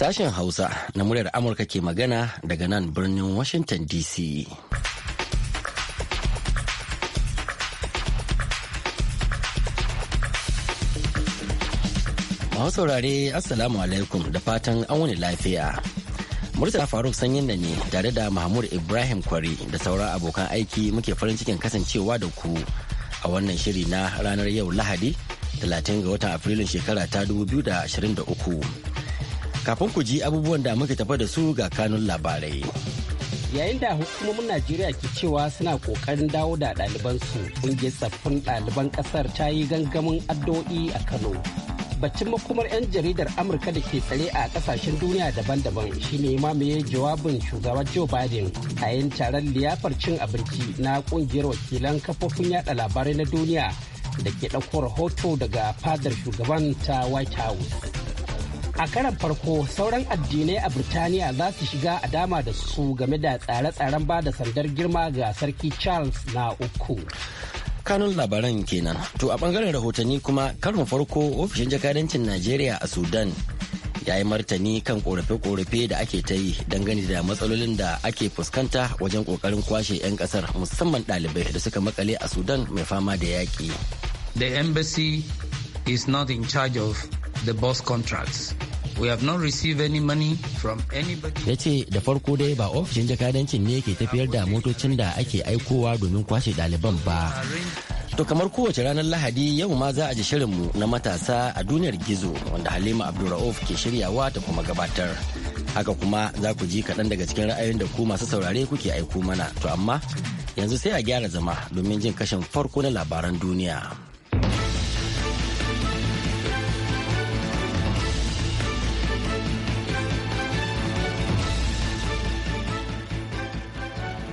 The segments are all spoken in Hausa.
Sashen Hausa na muryar Amurka ke magana daga nan birnin Washington DC. Masu saurare Assalamu alaikum da fatan an wani lafiya. Murtala Faruk sanyin da ne tare da Mahmud Ibrahim Kwari da sauran abokan aiki muke farin cikin kasancewa da ku a wannan shiri na ranar yau Lahadi 30 ga watan Afrilun shekara ta 2023. Kafin ku ji abubuwan da muke tafa da su ga kanun labarai. Yayin da hukumomin Najeriya ke cewa suna kokarin dawo da ɗalibansu, ƙungiyar tsaffin ɗaliban ƙasar ta yi gangamin addu'o'i a Kano. baccin makomar 'yan jaridar amurka da ke tsare a kasashen duniya daban-daban shine mamaye jawabin shugaba joe biden a yin taron liyafar cin abinci na ƙungiyar wakilan kafofin yaɗa labarai na duniya da ke ɗauko rahoto daga fadar shugaban ta white house a karan farko sauran addinai a birtaniya za su shiga a dama da su game da tsare-tsaren ba da sandar girma ga sarki charles na uku kanun labaran kenan to a bangaren rahotanni kuma karin farko ofishin jakadancin najeriya a sudan ya yi martani kan korafe-korafe da ake ta yi dangane da matsalolin da ake fuskanta wajen kokarin kwashe 'yan kasar musamman ɗalibai da suka makale a sudan mai fama da yaƙi. the embassy is not in charge of the bus contracts We have not received any money Ya ce da farko dai ba ofishin jakadancin ne ke tafiyar da motocin da ake aikowa domin kwashe ɗaliban ba. To kamar kowace ranar Lahadi yau ma za a ji shirinmu na matasa a duniyar gizo wanda Halima Abdulra'uf ke shiryawa ta kuma gabatar. Haka kuma za ku ji kaɗan daga cikin ra'ayoyin da ku masu saurare kuke aiko mana. To amma yanzu sai a gyara zama domin jin kashin farko na labaran duniya.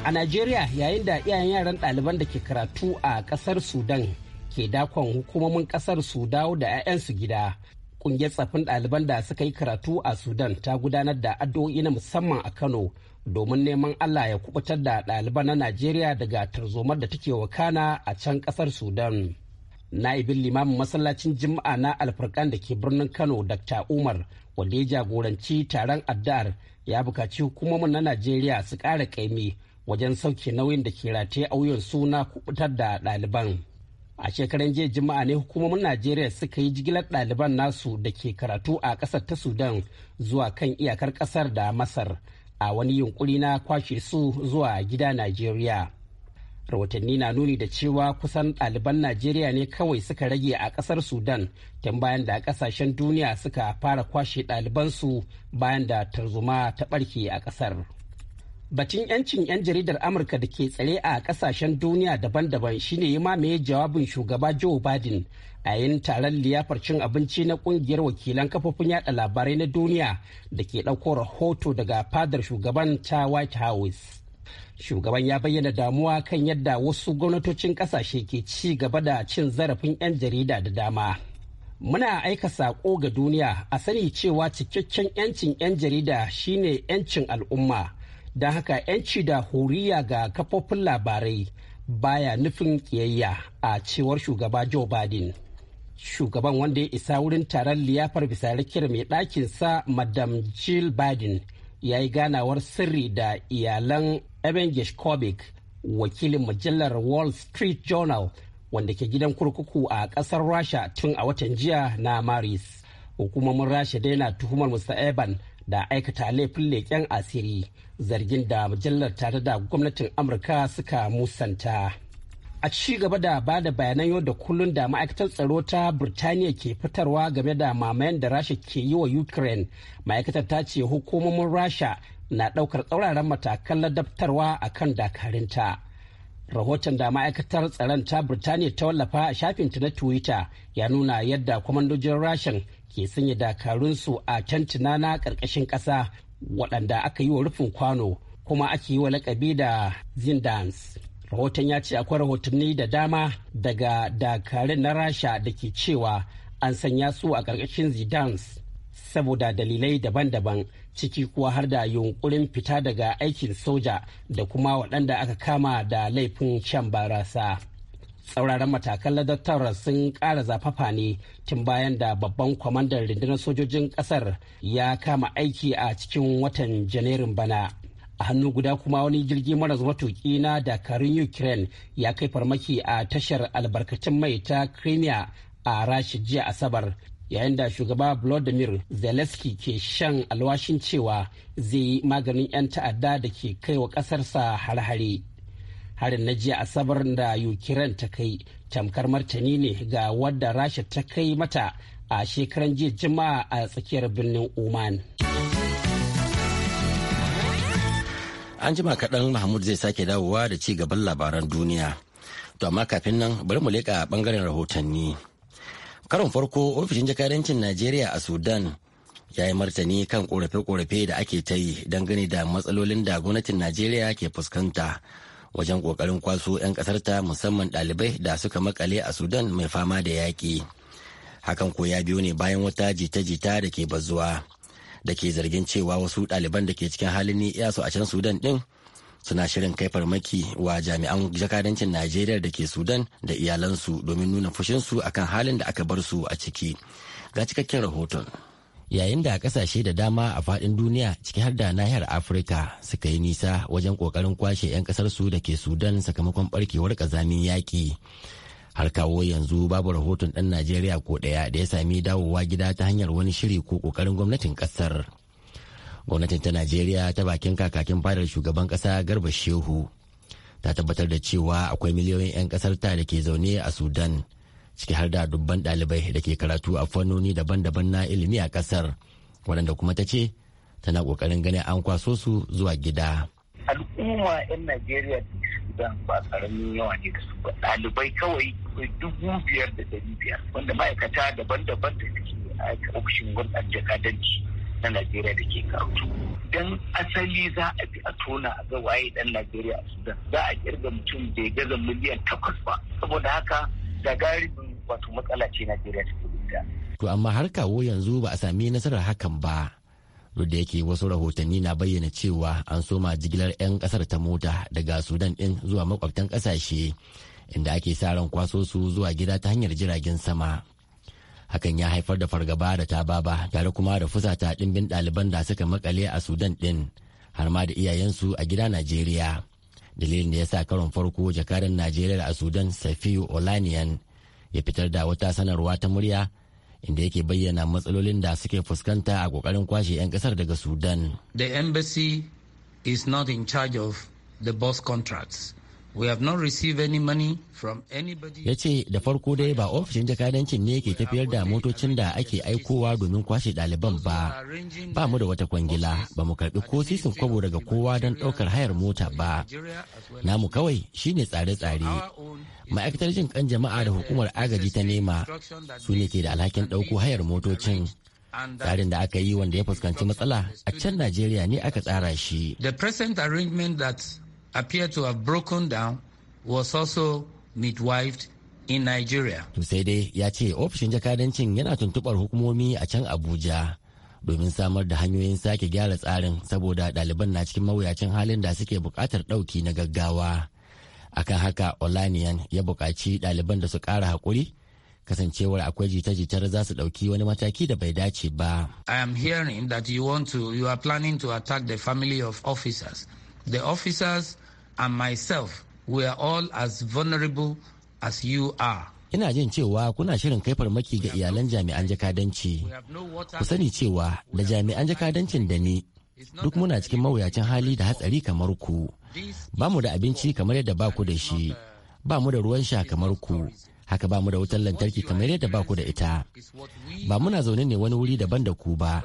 a najeriya yayin da iyayen yaran ɗaliban da ke karatu a ƙasar sudan ke dakon hukumomin ƙasar su dawo da 'ya'yansu gida ƙungiyar tsafin ɗaliban da suka yi karatu a sudan ta gudanar da addu'o'i na musamman a kano domin neman allah ya kubutar da ɗaliban na najeriya daga tarzomar da take wakana a can ƙasar sudan na'ibin limamin masallacin Juma'a na alfarkan da ke birnin kano dr umar wanda ya jagoranci taron addu'ar ya bukaci hukumomin na najeriya su ƙara ƙaimi wajen sauke nauyin da ke rataye auyen suna kubutar da ɗaliban. A shekaran jiya Juma'a ne hukumomin Najeriya suka yi jigilar ɗaliban nasu da ke karatu a ƙasar ta Sudan zuwa kan iyakar ƙasar da Masar a wani yunkuri na kwashe su zuwa gida Najeriya. rahotanni na nuni da cewa kusan ɗaliban najeriya ne kawai suka rage a ƙasar sudan tun bayan da ƙasashen duniya suka fara kwashe ɗalibansu bayan da tarzoma ta ɓarke a ƙasar Batun 'yancin 'yan jaridar Amurka da ke tsare a kasashen duniya daban-daban shine ya mamaye jawabin shugaba Joe Biden a yayin taron liyafar cin abinci na kungiyar wakilan kafofin yada labarai na duniya da ke ɗauko rahoto daga fadar shugaban ta White House. Shugaban ya bayyana damuwa kan yadda wasu gwamnatocin kasashe ke ci gaba da cin zarafin 'yan jarida da dama. muna aika saƙo ga duniya a sani cewa cikakken 'yancin 'yan jarida shine 'yancin al'umma don haka 'yanci da horiya ga kafofin labarai baya nufin kiyayya a cewar shugaba joe biden shugaban wanda ya isa wurin taron liyafar bisa rikir mai ɗakinsa madam jill biden ya yi ganawar sirri da iyalan evangelist kobik wakilin mujallar wall street journal wanda ke gidan kurkuku a ƙasar rasha tun a watan jiya na maris hukumomin rasha dai na tuhumar mr eban da aikata laifin leƙen asiri zargin da mujallar tare da gwamnatin amurka suka musanta a ci gaba da ba da bayanan yau da kullun da ma'aikatar tsaro ta birtaniya ke fitarwa game da mamayen da rasha ke yi wa ukraine ma'aikatar ta ce hukumomin rasha na ɗaukar tsauraran matakan ladabtarwa a kan dakarinta rahoton da ma'aikatar tsaron ta birtaniya ta wallafa a shafinta na twitter ya nuna yadda kwamandojin rashin ke sanya dakarunsu a can na ƙarƙashin ƙasa waɗanda aka yi wa rufin kwano kuma ake yi wa lakabi da zindans rahoton ya ce akwai rahotanni da dama daga dakarun na rasha da ke cewa an sanya su a ƙarƙashin zidans saboda dalilai daban-daban ciki kuwa har da yunkurin fita daga aikin soja da kuma waɗanda aka kama da laifin shan barasa. tsauraran matakan ladattar sun ƙara zafafa ne tun bayan da babban kwamandan rundunar sojojin ƙasar ya kama aiki a cikin watan janairun bana a hannu guda kuma wani jirgi mara zuwa na dakarun ukraine ya kai farmaki a tashar albarkacin mai ta crimea a rashi jiya asabar yayin da shugaba vladimir zelensky ke shan alwashin cewa zai yi maganin 'yan ta'adda da ke kai wa ƙasarsa har-hare harin na jiya asabar da ukraine ta kai tamkar martani ne ga wadda rasha ta kai mata a shekaran jiya jima'a a tsakiyar birnin oman an jima kaɗan mahmud zai sake dawowa da ci gaban labaran duniya to amma kafin nan bari mu leƙa ɓangaren rahotanni karon farko ofishin jakadancin najeriya a sudan ya yi martani kan korafe-korafe da ake ta yi dangane da matsalolin da gwamnatin najeriya ke fuskanta wajen kokarin kwaso 'yan ƙasarta musamman ɗalibai da suka makale a sudan mai fama da yaƙi hakan ko ya biyo ne bayan wata jita-jita da ke bazuwa da ke zargin cewa wasu ɗaliban da ke cikin halin ni'iya su a can sudan ɗin suna shirin kai farmaki wa jami'an jakadancin najeriya da ke sudan da iyalansu domin nuna fushinsu akan halin da aka bar su a ciki ga cikakken rahoton yayin da kasashe da dama a faɗin duniya ciki har da nahiyar afirka suka yi nisa wajen ƙoƙarin kwashe 'yan ƙasarsu da ke sudan sakamakon barkewar ƙazamin yaƙi har kawo yanzu babu rahoton ɗan najeriya ko ɗaya da ya sami dawowa gida ta hanyar wani shiri ko ƙoƙarin gwamnatin ƙasar gwamnatin ta najeriya ta bakin kakakin fadar shugaban ƙasa garba shehu ta tabbatar da cewa akwai miliyoyin 'yan ƙasar ta da ke zaune a sudan ciki har da dubban dalibai da ke karatu a fannoni daban-daban na ilimi a kasar waɗanda kuma ta ce tana ƙoƙarin ganin an kwaso su zuwa gida. al'umma 'yan najeriya da sudan ba ƙaramin yawa ne da su ba ɗalibai kawai dubu biyar da dari biyar wanda ma'aikata daban-daban da suke a ofishin gwamnan jakadanci na najeriya da ke karatu. don asali za a bi a tona a ga waye dan najeriya a sudan za a kirga mutum bai gaza miliyan takwas ba saboda haka gagarumin wato matsala ce najeriya ta ita. to amma har kawo yanzu ba a sami nasarar hakan ba duk da yake wasu rahotanni na bayyana cewa an soma jigilar 'yan kasar ta mota daga sudan din zuwa makwabtan kasashe inda ake sa ran kwaso su zuwa gida ta hanyar jiragen sama hakan ya haifar da fargaba da tababa tare kuma da fusata ɗimbin ɗaliban da suka makale a sudan din har ma da iyayensu a gida najeriya dalilin da ya sa karon farko jakadan najeriya a sudan safiyu olaniyan ya fitar da wata sanarwa ta murya inda yake bayyana matsalolin da suke fuskanta a kokarin kwashe 'yan kasar daga sudan the embassy is not in charge of the bus contracts Ya ce da farko dai ba ofishin jakadancin ne ke tafiyar da motocin da ake aikowa domin kwashe ɗaliban ba. Ba mu da wata kwangila, ba mu karɓi ko sisin kwabo daga kowa don ɗaukar hayar mota ba. Namu kawai shi ne tsare-tsare. Ma'aikatar jin kan jama'a da hukumar agaji ta nema su ne ke da alhakin ɗauko hayar motocin. tsarin da aka yi wanda ya fuskanci matsala a can najeriya ne aka tsara shi the present arrangement that appear to have broken down was also midwifed in Nigeria. To sai dai ya ce ofishin jakadancin yana tuntubar hukumomi a can Abuja domin samar da hanyoyin sake gyara tsarin saboda ɗaliban na cikin mawuyacin halin da suke buƙatar ɗauki na gaggawa. Akan haka Olaniyan ya buƙaci ɗaliban da su ƙara haƙuri kasancewar akwai jita-jitar za su ɗauki wani mataki da bai dace ba. I am hearing that you want to you are planning to attack the family of officers. The officers and myself are all as vulnerable as you are. Ina jin cewa kuna shirin kai farmaki ga iyalan jami'an jakadanci. Ku sani cewa da jami'an jakadancin da ni duk muna cikin mawuyacin hali da hatsari kamar ku. Ba mu da abinci kamar yadda ba ku da shi, ba mu da ruwan sha kamar ku, haka ba mu da wutar lantarki kamar yadda ba ku da ita ba muna zaune ne wani wuri daban da ku ba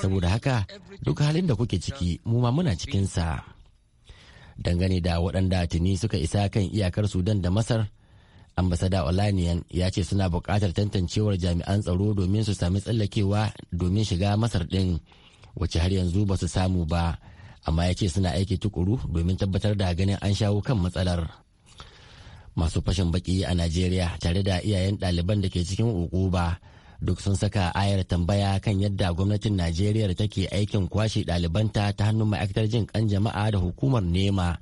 saboda haka duk halin da kuke ciki mu ma muna cikinsa dangane da waɗanda tuni suka isa kan iyakar sudan da masar ambasada olanian ya ce suna buƙatar tantancewar jami'an tsaro domin su sami tsallakewa domin shiga masar ɗin wacce har yanzu ba su samu ba amma ya ce suna aiki tukuru domin tabbatar da ganin an shawo kan matsalar masu fashin baki a najeriya tare da iyayen ɗaliban da ke cikin uku ba duk sun saka ayar tambaya kan yadda gwamnatin najeriya take aikin kwashe ɗalibanta ta hannun ma'aikatar jin kan jama'a da hukumar nema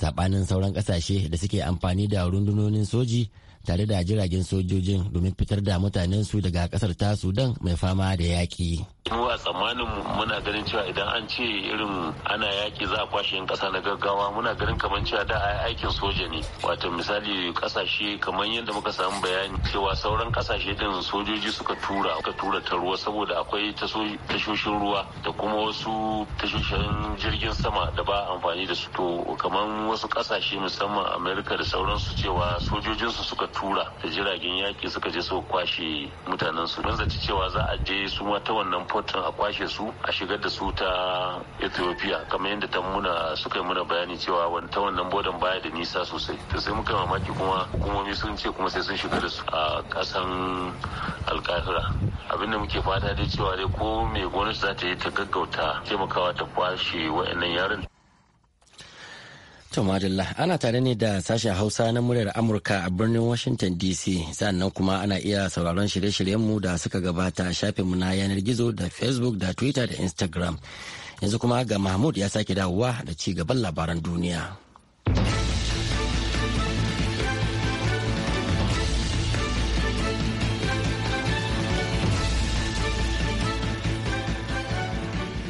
saɓanin sauran ƙasashe da suke amfani da rundunonin soji tare da jiragen sojojin domin fitar da mutanen su daga kasar ta sudan mai fama da yaƙi. mu tsammanin muna ganin cewa idan an ce irin ana yaƙi za a kwashe ƙasa na gaggawa muna ganin kamar cewa da a aikin soja ne wato misali ƙasashe kamar yadda muka samu bayani cewa sauran ƙasashe din sojoji suka tura suka tura ta ruwa saboda akwai tashoshin ruwa da kuma wasu tashoshin jirgin sama da ba amfani da su to kamar wasu ƙasashe musamman amerika da sauransu cewa sojojinsu suka tura da jiragen yaƙi suka je suka kwashe mutanen su don zaci cewa za a je su ma ta wannan portin a kwashe su a shigar da su ta ethiopia kamar yadda ta muna suka yi muna bayani cewa wani ta wannan bodan baya da nisa sosai to sai muka mamaki kuma hukumomi sun ce kuma sai sun shiga da su a ƙasan alkahira abinda muke fata dai cewa dai ko mai gwamnati za ta yi ta gaggauta taimakawa ta kwashe wa'annan yaran Tumadilla ana tare ne da sashen Hausa na muryar Amurka a birnin Washington DC sannan kuma ana iya sauraron shirye-shiryenmu da suka gabata shafinmu na yanar gizo da Facebook da Twitter da Instagram. Yanzu kuma ga Mahmud ya sake dawowa da ci gaban labaran duniya.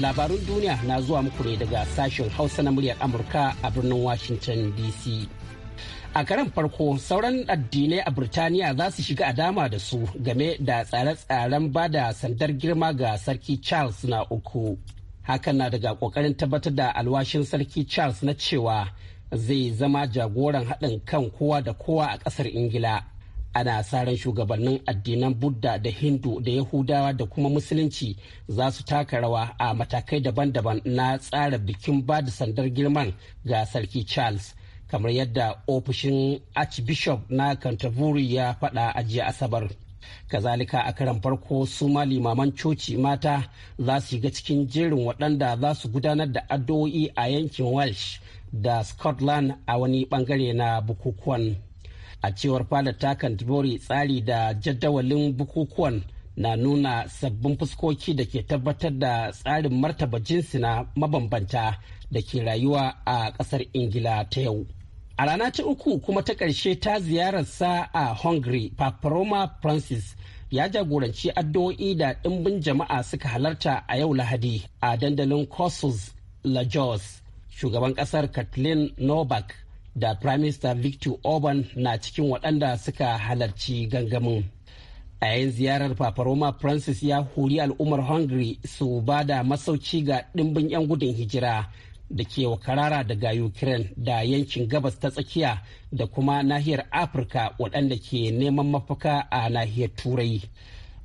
labarun duniya na zuwa muku ne daga sashen hausa na muryar amurka a birnin washington dc a karan farko sauran addinai a Birtaniya za su shiga a dama da su game da tsare-tsaren ba da sandar girma ga Sarki Charles na uku. Hakan na daga kokarin tabbatar da alwashin Sarki Charles na cewa zai zama jagoran haɗin kan kowa da kowa a ƙasar Ingila. ana sa shugabannin addinan budda da hindu da yahudawa da kuma musulunci za su taka rawa a matakai daban-daban na tsara bikin ba da sandar girman ga sarki charles kamar yadda ofishin archbishop na canterbury ya faɗa a jiya asabar kazalika a karan farko su ma limaman coci mata za su ga cikin jerin waɗanda za su gudanar da addu'o'i a yankin welsh da scotland a wani bangare na bukukuwan a cewar falar takan dibori tsari da jadawalin bukukuwan na nuna sabbin fuskoki da ke tabbatar da tsarin martaba jinsi na mabambanta da ke rayuwa a kasar ingila ta yau a rana ta uku kuma ta ƙarshe ta ziyararsa a hungary paparoma francis ya jagoranci addu'o'i da ɗimbin jama'a suka halarta a yau lahadi a dandalin Corsus Lajos. Shugaban ƙasar Kathleen Novak da prime minister victor orban na cikin waɗanda suka halarci gangamin a yayin ziyarar papa roma francis ya hori al'ummar hungary su ba da masauci ga ɗimbin 'yan gudun hijira da ke karara daga ukraine da yankin gabas ta tsakiya da kuma nahiyar afirka waɗanda ke neman mafaka a nahiyar turai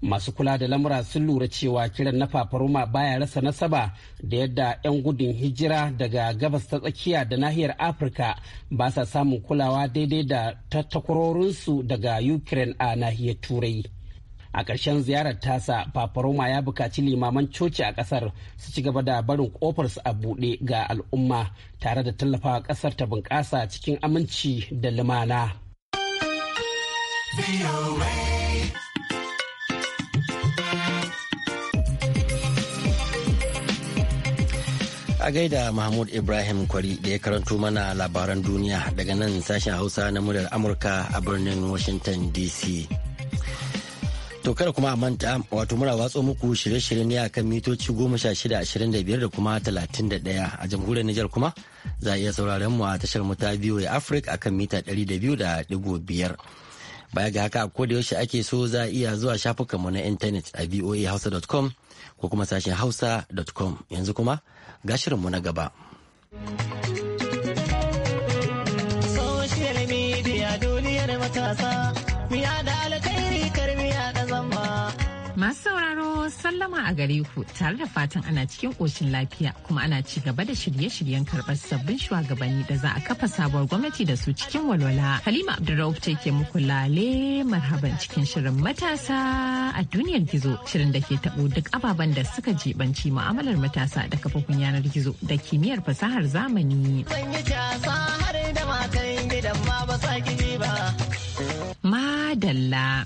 masu kula da lamura sun lura cewa kiran na fafaroma baya rasa nasaba da yadda 'yan gudun hijira daga gabas ta tsakiya da nahiyar afirka ba sa samun kulawa daidai da tattakurorinsu daga ukraine a nahiyar turai a ƙarshen ziyarar tasa fafaroma ya buƙaci limaman coci a ƙasar su ci gaba da barin ƙofarsu a buɗe ga al'umma tare da tallafawa ƙasar ta bunƙasa cikin aminci da lumana. A gaida Mahmud Ibrahim Kwari da ya karanto mana labaran duniya daga nan sashen Hausa na muryar Amurka a birnin Washington DC. To kada kuma a manta wato muna watso muku shirye-shirye ne akan mitoci goma da kuma talatin a jamhuriyar Nijar kuma za a iya sauraron mu a tashar mu ta biyu Africa akan mita ɗari da biyu baya ga haka ko da yaushe ake so za a iya zuwa shafukanmu na intanet a voahausa.com ko kuma sashen hausa.com yanzu kuma gashirinmu na gaba. sallama a gare ku tare da fatan ana cikin ƙoshin lafiya kuma ana ci gaba da shirye-shiryen karɓar sabbin shugabanni da za a kafa sabuwar gwamnati da su cikin walwala. Halima Abdulrauf ce ke muku lale marhaban cikin shirin matasa a duniyar gizo shirin da ke taɓo duk ababen da suka jibanci mu'amalar matasa da kafofin yanar gizo da kimiyyar fasahar zamani. yi madalla.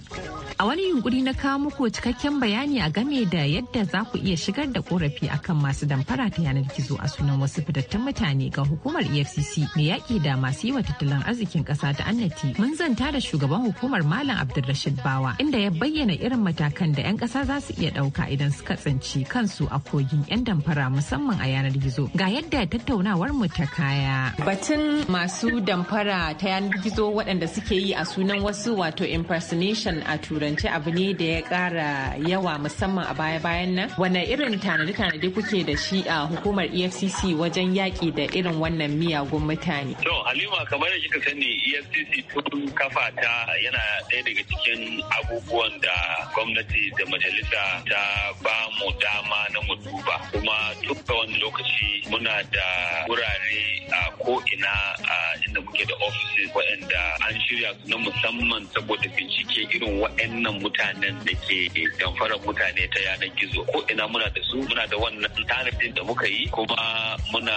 A wani yunkuri na kawo muku cikakken bayani a game da yadda za ku iya shigar da korafi akan masu damfara ta yanar gizo a sunan wasu fitattun mutane ga hukumar EFCC mai yaƙi da masu yi wa tattalin arzikin ƙasa ta annati. Mun zanta da shugaban hukumar Malam Abdulrashid Bawa inda ya bayyana irin matakan da 'yan ƙasa za su iya ɗauka idan suka tsinci kansu a kogin 'yan damfara musamman a yanar gizo. Ga yadda tattaunawar mu ta kaya. Batun masu damfara ta yanar gizo waɗanda suke yi a sunan wasu wato impersonation a turance abu ne da ya kara yawa musamman a baya-bayan nan wane irin tanadi tanadi kuke da shi a hukumar efcc wajen yaki da irin wannan miyagun mutane to halima kamar da kika sani efcc tun kafa ta yana ɗaya daga cikin abubuwan da gwamnati da majalisa ta ba mu dama na duba kuma duk da wani lokaci muna da wurare a ko'ina a inda muke da offices waɗanda an shirya na musamman saboda bincike irin waɗannan mutanen da ke damfarar mutane ta yanar gizo ko ina muna da su muna da wannan tanadin da muka yi kuma muna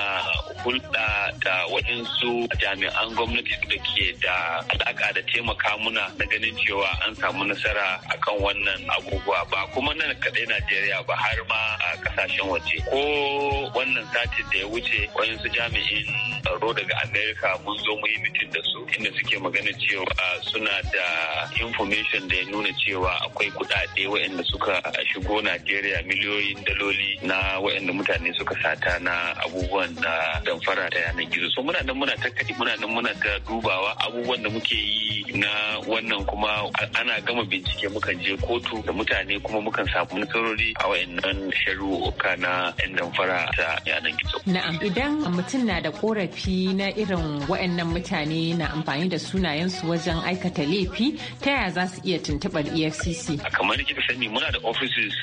hulɗa da waɗansu jami'an gwamnati da ke da alaƙa da taimaka muna na ganin cewa an samu nasara a kan wannan abubuwa ba kuma nan kaɗai Najeriya ba har ma a ƙasashen waje ko wannan satin da ya wuce waɗansu jami'in tsaro daga amerika mun zo muyi yi mitin da su inda suke magana cewa suna da information da ya nuna cewa akwai kudade waɗanda suka shigo najeriya miliyoyin daloli na waɗanda mutane suka sata na abubuwan da damfara ta yanar gizo so muna nan muna ta muna nan muna ta dubawa abubuwan da muke yi na wannan kuma ana gama bincike mukan je kotu da mutane kuma mukan samu nasarori a waɗannan shari'o'uka na 'yan damfara ta yanar gizo na'am idan mutum na da korafi lokaci na irin waɗannan mutane na amfani da sunayensu wajen aikata laifi ta yaya za su iya tuntuɓar efcc kamar kika sani muna da offices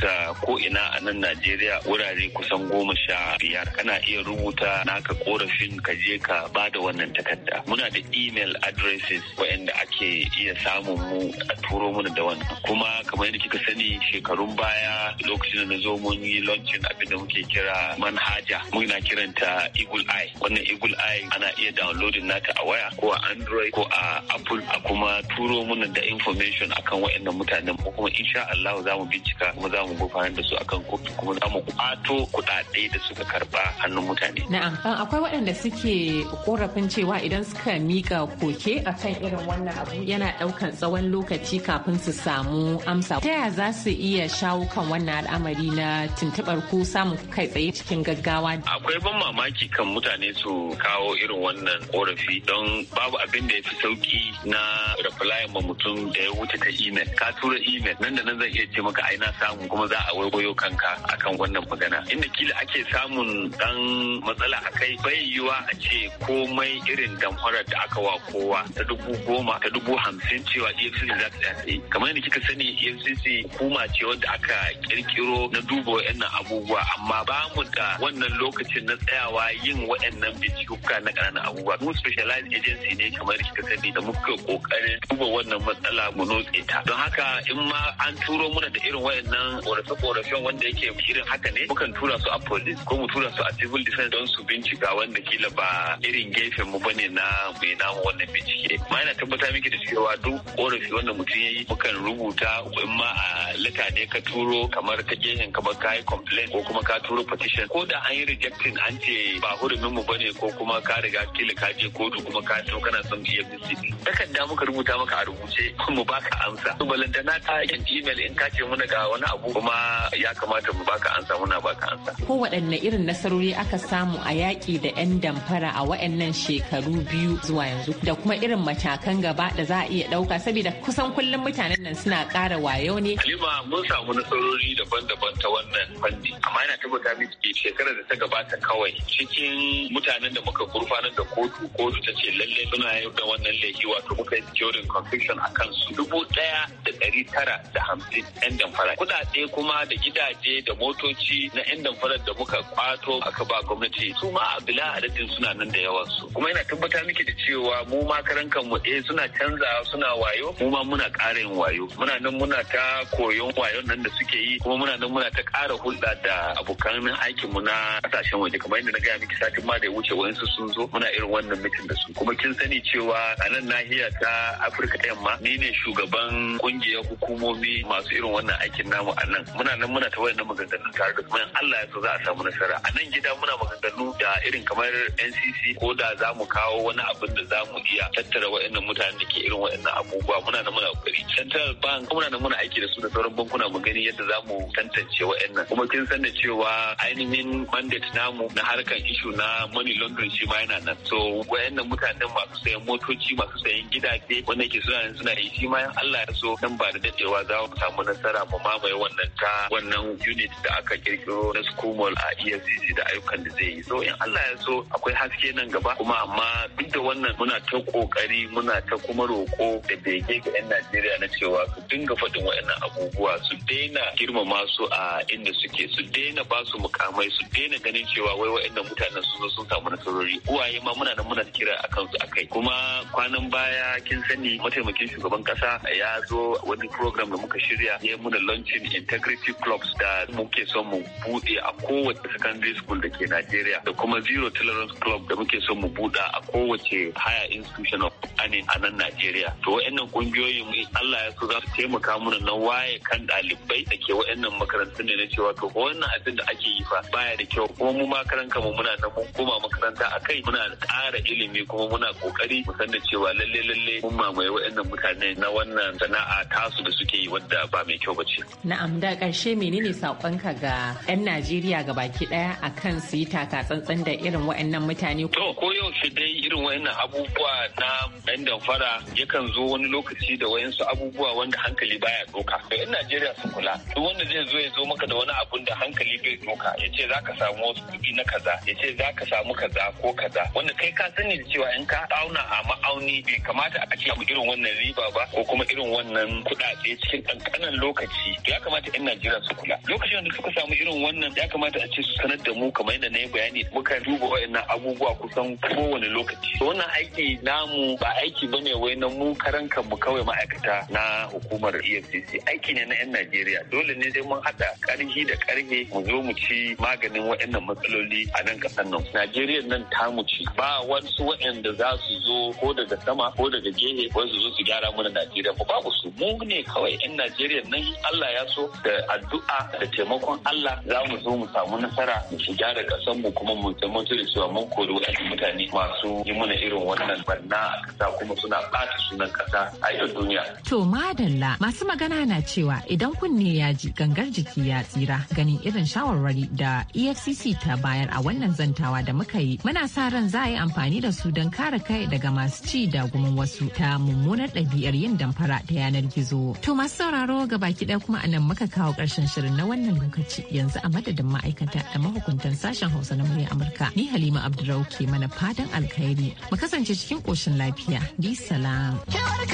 ko ina a nan najeriya wurare kusan goma sha biyar kana iya rubuta naka korafin ka je ka ba da wannan takarda muna da email addresses waɗanda ake iya samun mu a turo mana da wannan kuma kamar yadda kika sani shekarun baya lokacin da na zo mun yi launching abin da muke kira manhaja muna kiranta eagle eye wannan eagle eye AI ana iya downloading naka a waya ko a android ko a apple a kuma turo mana da information akan waɗannan mutanen mu kuma insha Allah za mu bincika kuma za mu gufanar da su akan kotu kuma za mu kwato kuɗaɗe da suka karba hannun mutane. Na'am akwai waɗanda suke korafin cewa idan suka mika koke akan irin wannan abu yana ɗaukan tsawon lokaci kafin su samu amsa. Ta yaya za su iya shawo kan wannan al'amari na tuntuɓar ko samun kai tsaye cikin gaggawa. Akwai ban mamaki kan mutane su kawo kawo irin wannan korafi don babu abin da ya fi sauki na reply ma mutum da ya wuce ta email ka tura email nan da nan zan iya ce maka ai na samu kuma za a waiwayo kanka akan wannan magana inda kila ake samun dan matsala akai bai yiwa a ce komai irin damfarar da aka wa kowa ta dubu goma ta dubu hamsin cewa efcc za ta yi kamar yadda kika sani efcc hukuma ce wadda aka kirkiro na duba wa'annan abubuwa amma ba mu da wannan lokacin na tsayawa yin wa'annan bincike ayyuka na ƙananan abubuwa mu specialized agency ne kamar ki sani da muka kokarin duba wannan matsala mu notse ta don haka in ma an turo muna da irin wayannan korafe-korafen wanda yake irin haka ne mukan tura su a police ko mu tura su a civil defense don su bincika wanda kila ba irin gefen mu bane na mai namu wannan bincike ma yana tabbata miki da cewa duk korafi wanda mutum ya yi mukan rubuta in ma a lita ne ka turo kamar ta gehen kamar ka yi complain ko kuma ka turo petition ko da an yi rejecting an ce ba hurumin mu bane ko kuma ka riga kila ka je kotu kuma ka kana son iya bincike da muka rubuta maka a rubuce mu baka amsa to balantana ta yin email in ka ce muna ga wani abu kuma ya kamata mu baka amsa muna baka amsa ko waɗanne irin nasarori aka samu a yaƙi da 'yan damfara a waɗannan shekaru biyu zuwa yanzu da kuma irin matakan gaba da za a iya ɗauka saboda kusan kullum mutanen nan suna ƙara wayo ne. Halima mun samu nasarori daban-daban ta wannan fanni amma yana tabbata miki shekarar da ta gabata kawai cikin mutanen da muka gurfanar da kotu kotu ta ce lalle suna yau da wannan laifi wato muka yi securing conviction a kansu dubu daya da dari tara da hamsin yan damfara kuɗaɗe kuma da gidaje da motoci na yan damfarar da muka kwato aka ba gwamnati su ma a bila adadin suna nan da yawan su kuma yana tabbata miki da cewa mu ma karan eh suna canza suna wayo mu ma muna ƙara yin wayo muna nan muna ta koyon wayon nan da suke yi kuma muna nan muna ta ƙara hulɗa da abokan aikinmu na ƙasashen waje kamar yadda na gaya miki satin ma da ya wuce wa'insu sun zo muna irin wannan mitin da su kuma kin sani cewa a nan nahiya ta afirka yamma ni ne shugaban kungiyar hukumomi masu irin wannan aikin namu a nan muna nan muna ta wayannan maganganun tare da kuma Allah ya so za a samu nasara a nan gida muna maganganu da irin kamar NCC ko da za mu kawo wani abin da za mu iya tattara wayannan mutanen da ke irin wayannan abubuwa muna nan muna kokari central bank muna nan muna aiki da su da sauran bankuna mu gani yadda za mu tantance wayannan kuma kin sani cewa ainihin mandate namu na harkan issue na money laundering shi ma yana nan so wayannan mutanen masu sayan motoci masu sayan gidaje wanda ke suna suna yi shi ma Allah ya so nan ba da dadewa za mu samu nasara mu mamaye wannan ta wannan unit da aka kirkiro na school a EFCC da ayyukan da zai yi so in Allah ya so akwai haske nan gaba kuma amma duk da wannan muna ta kokari muna ta kuma roko da bege ga 'yan Najeriya na cewa su dinga faɗin wayannan abubuwa su daina girmama su a inda suke su daina ba su mukamai su daina ganin cewa wai wayannan mutanen sun zo sun samu nasarori uwaye ma muna da muna kira akan a kai. kuma kwanan baya kin sani mataimakin shugaban kasa ya zo wani program da muka shirya ya muna launching integrity clubs da muke son mu bude a kowace secondary school da ke Nigeria. da kuma zero tolerance club da muke son mu buɗa a kowace higher institution of learning a nan Nigeria. to wayannan kungiyoyin Allah ya so za su taimaka mana na waye kan dalibai da ke wayannan makarantun ne na cewa to wannan abin da ake yi fa baya da kyau kuma mu makaranta mu muna nan mun koma makaranta a kai muna ƙara ilimi kuma muna ƙoƙari mu san da cewa lalle lalle mun mamaye waɗannan mutane na wannan sana'a tasu da suke yi wadda ba mai kyau bace. Na'am da ƙarshe menene saƙonka ga 'yan Najeriya ga baki ɗaya akan su yi taka tsantsan da irin waɗannan mutane. To ko shi dai irin waɗannan abubuwa na ɗan damfara yakan zo wani lokaci da wayansu abubuwa wanda hankali baya doka. To 'yan Najeriya su kula duk wanda zai zo ya zo maka da wani abun da hankali bai doka yace ce za ka samu wasu kuɗi na kaza yace zaka samu kaza ko kaza wanda kai ka sani da cewa in ka auna a ma'auni bai kamata a ce irin wannan riba ba ko kuma irin wannan kuɗaɗe cikin ƙanƙanin lokaci to ya kamata ɗan Najeriya su kula lokacin da suka samu irin wannan ya kamata a ce su sanar da mu kamar yadda na yi bayani muka duba wa'annan abubuwa kusan kowane lokaci wannan aiki namu ba aiki bane wai na mu karan kanmu kawai ma'aikata na hukumar EFCC aiki ne na 'yan Najeriya dole ne sai mun haɗa ƙarfi da ƙarfe mu zo mu ci maganin wa'annan matsaloli a nan ƙasar nan Najeriya nan ta za ba wasu waɗanda za su zo ko daga sama ko daga gehe ko su zo su gyara mana Najeriya ba babu su mu ne kawai in Najeriya nan Allah ya so da addu'a da taimakon Allah za mu zo mu samu nasara mu ci gyara kasan mu kuma mu zama da cewa mun kori waɗannan mutane masu yi mana irin wannan banna a kasa kuma suna ɓata sunan kasa a yau duniya. To madalla masu magana na cewa idan kunne ya ji gangar jiki ya tsira ganin irin shawarwari da EFCC ta bayar a wannan zantawa da muka yi muna sa ran za a yi amfani da su don kare kai daga masu ci da gumin wasu ta mummunar ɗabi'ar yin damfara ta yanar gizo. To masu sauraro ga baki ɗaya kuma anan muka kawo ƙarshen shirin na wannan lokaci yanzu a madadin ma'aikata da mahukuntan sashen Hausa na murya Amurka. Ni Halima Abdulrau ke mana fadan alkhairi. Mu kasance cikin ƙoshin lafiya. Bi salam. Kewar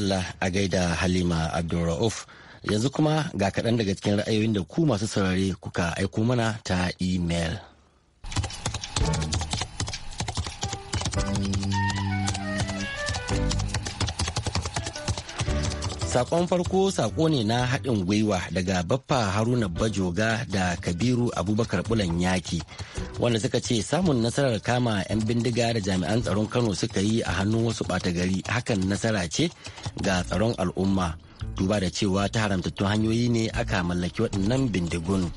a gaida Halima Abdulra'uf. Yanzu kuma ga kaɗan daga cikin ra'ayoyin da ku masu saurare kuka aiko mana ta email. Sakon farko sako ne na haɗin gwiwa daga Baffa Haruna Bajoga da Kabiru Abubakar Bulan Yaki wanda suka ce samun nasarar kama 'yan bindiga da jami'an tsaron Kano suka yi a hannun wasu ɓata gari hakan nasara ce ga tsaron al'umma. duba da cewa ta haramtattun hanyoyi ne aka mallaki waɗannan bindigun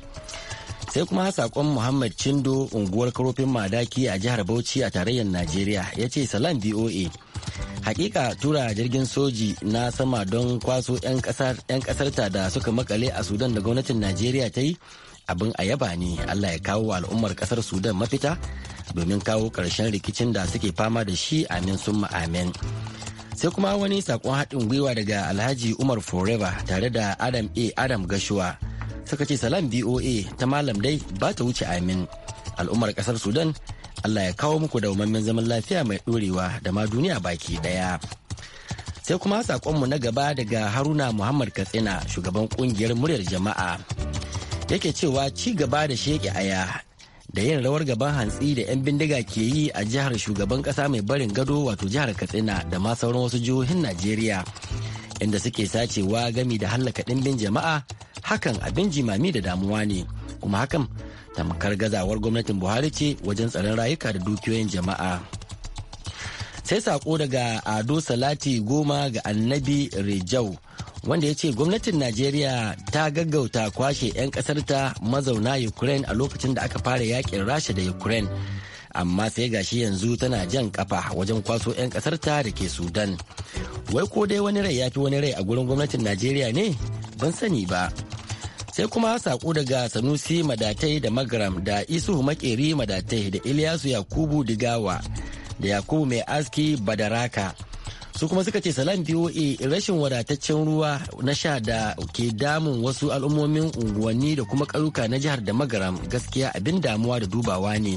sai kuma sakon muhammad cindo unguwar karofin madaki a jihar bauchi a tarayyar najeriya ya ce salam boa hakika tura jirgin soji na sama don kwaso 'yan kasarta da suka makale a sudan da gwamnatin najeriya ta yi abin a yaba ne allah ya kawo wa al'ummar kasar sudan mafita domin kawo ƙarshen rikicin da suke fama da shi amin summa ma'amin sai kuma wani sakon haɗin gwiwa daga alhaji umar forever tare da adam a adam gashuwa suka ce salam boa ta malam dai ba ta wuce amin al'ummar ƙasar sudan allah ya kawo muku da dawamammen zaman lafiya mai ɗorewa da ma duniya baki ɗaya sai kuma sakonmu na gaba daga haruna muhammad katsina shugaban ƙungiyar muryar jama'a yake cewa ci gaba da sheke aya da yin rawar gaban hantsi da 'yan bindiga ke yi a jihar shugaban kasa mai barin gado wato jihar katsina da ma sauran wasu jihohin najeriya inda suke sacewa gami da hallaka ɗimbin jama'a hakan abin jimami da damuwa ne kuma hakan tamkar gazawar gwamnatin buhari ce wajen tsaron rayuka da dukiyoyin jama'a sai sako daga ado salati goma ga annabi rejau wanda ya ce gwamnatin najeriya ta gaggauta kwashe 'yan ƙasarta mazauna ukraine a lokacin da aka fara yakin rasha da ukraine amma sai gashi yanzu tana jan kafa wajen kwaso 'yan ƙasarta da ke sudan wai ko dai wani rai ya fi wani rai a gurin gwamnatin najeriya ne ban sani ba sai kuma saƙo daga sanusi madatai da magaram da Isu makeri madatai da iliyasu yakubu digawa da yakubu mai aski badaraka su kuma suka ce salam doa rashin wadataccen ruwa na sha da ke damun wasu al'ummomin unguwanni da kuma karuka na jihar da magaram gaskiya abin damuwa da dubawa ne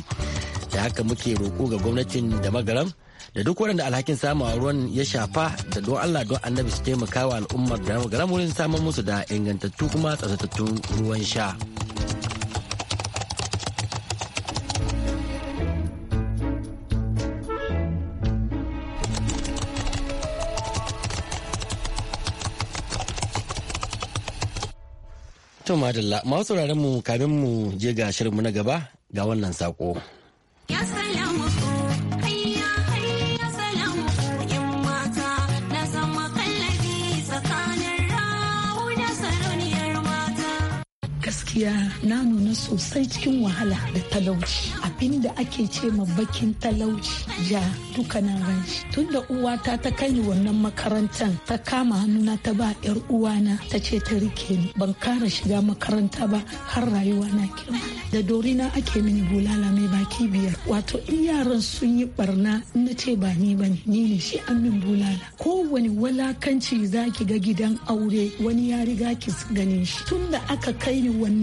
da haka muke roƙo ga gwamnatin da magaram da duk waɗanda alhakin samun ruwan ya shafa da don allah don annabi su taimaka wa al'ummar da magaram wurin samun musu da ingantattu kuma tsatsattun ruwan sha. To madalla masu sauraron mu kamin mu je ga shirinmu na gaba ga wannan sako. Ya gaskiya na nuna sosai cikin wahala da talauci abinda ake ce ma bakin talauci ja dukkanin ranshi tunda uwata ta kai wannan makarantar ta kama hannuna ta ba yar uwana ta ce ta rike ni ban kara shiga makaranta ba har rayuwa na kirma da dorina ake mini bulala mai baki biyar wato in yaran sun yi barna na ce ba ni ba ni ne shi an min bulala kowane walakanci zaki ga gidan aure wani ya riga ki ganin shi tunda aka kai ni wannan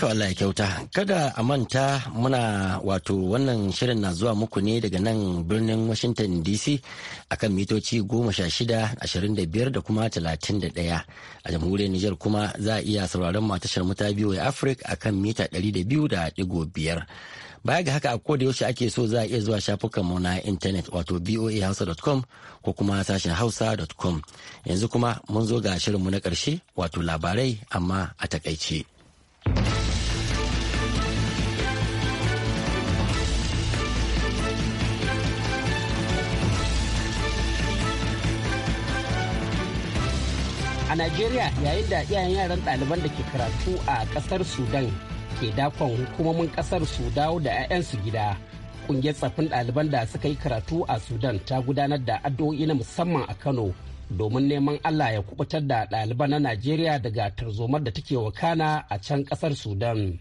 To Allah ya kyauta. Kada a manta muna wato wannan shirin na zuwa muku ne daga nan birnin Washington DC akan mitoci goma sha shida ashirin da biyar da kuma talatin da ɗaya. A jamhuriyar Nijar kuma za a iya sauraron matashar mu ta biyu a Africa akan mita ɗari da biyu da ɗigo biyar. Baya ga haka a koda yaushe ake so za a iya zuwa shafukan mu na intanet wato boahausa.com ko kuma sashen hausa.com. Yanzu kuma mun zo ga shirinmu na ƙarshe wato labarai amma a takaice. a najeriya yayin da iyayen yaran ɗaliban da ke karatu a ƙasar sudan ke dakon hukumomin ƙasar su dawo da 'ya'yansu gida ƙungiyar tsaffin ɗaliban da suka yi karatu a sudan ta gudanar da addu'o'i na musamman a kano domin neman allah ya kubutar da ɗaliban na najeriya daga tarzomar da take wakana a can ƙasar sudan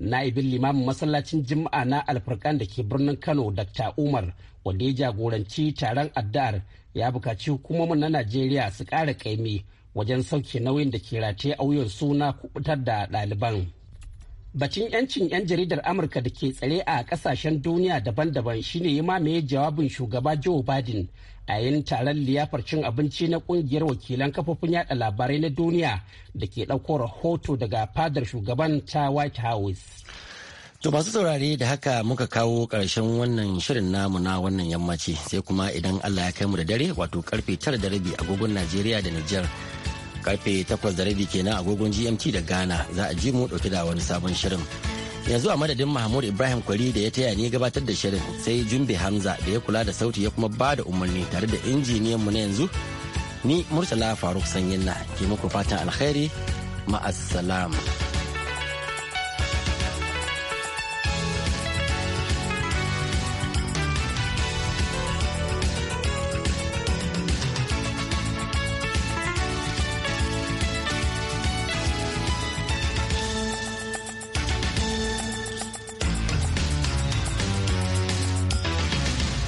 na'ibin limamin masallacin Juma'a na alfarkan da ke birnin kano dr umar wanda ya jagoranci taron addu'ar ya bukaci hukumomin na najeriya su ƙara ƙaimi wajen sauke nauyin da ke rataye auyon suna kubutar da ɗaliban. Bacin 'yancin 'yan jaridar Amurka da ke tsare a ƙasashen duniya daban-daban shine ya mamaye jawabin shugaba Joe Biden a yayin taron liyafar cin abinci na ƙungiyar wakilan kafofin yada labarai na duniya da ke ɗauko rahoto daga fadar shugaban ta White House. To masu saurare da haka muka kawo ƙarshen wannan shirin namu na wannan yammaci sai kuma idan Allah ya kai mu da dare wato karfe tara da rabi agogon Najeriya da Nijar karfe 8 da rabi kenan agogon gmt da ghana za a ji mu dauke da wani sabon shirin yanzu a madadin mahmud ibrahim kwari da ya taya ni gabatar da shirin sai jumbe hamza da ya kula da sauti ya kuma ba da umarni tare da injiniyan mu na yanzu ni murtala faruk sanyin na ke muku fatan alkhairi ma'assalam.